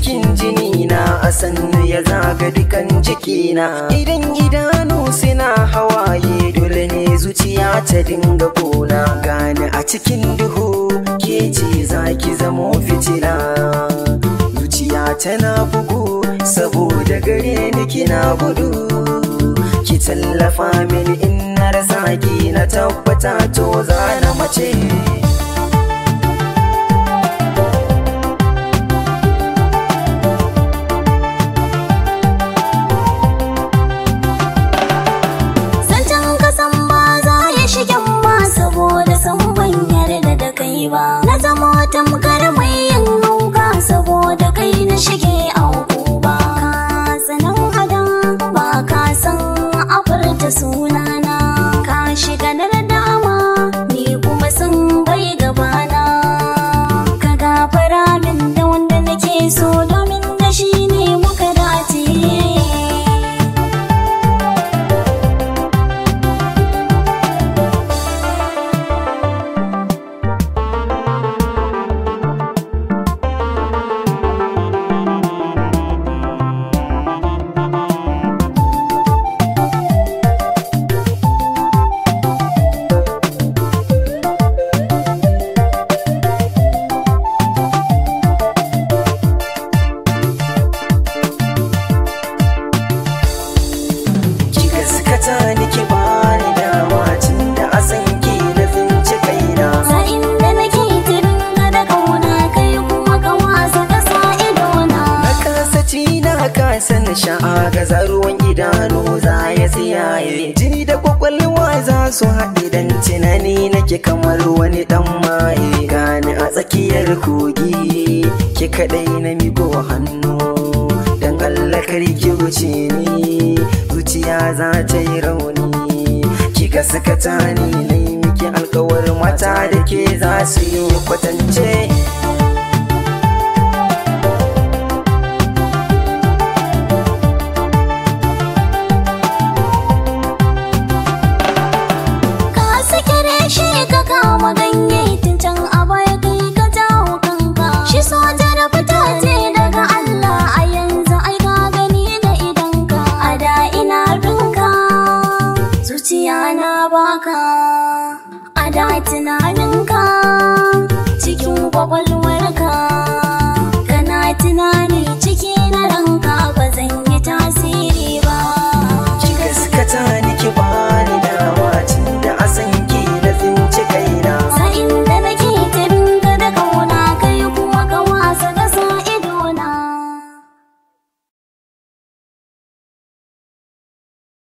cikin jini na a sannu ya zaga dukan jikina idan idanu suna hawaye dole ne zuciya ta dinga kona gani a cikin duhu ke ce zaki zamo fitila zuciya tana bugu saboda gare ni kina gudu ki tallafa mini in na rasa ki na tabbata to za na mace san sha'a gaza ruwan idanu za ya tsiyaye jini da kwakwalwa za su haɗe dan tunani nake kamar wani dan maye gani a tsakiyar kogi ki kaɗai na migo hannu dan Allah kar ki wuce ni zuciya za ta yi rauni ki ga suka tani ne miki alkawar mata da ke za su yi kwatance baka a da tunaninka cikin kwakwalwa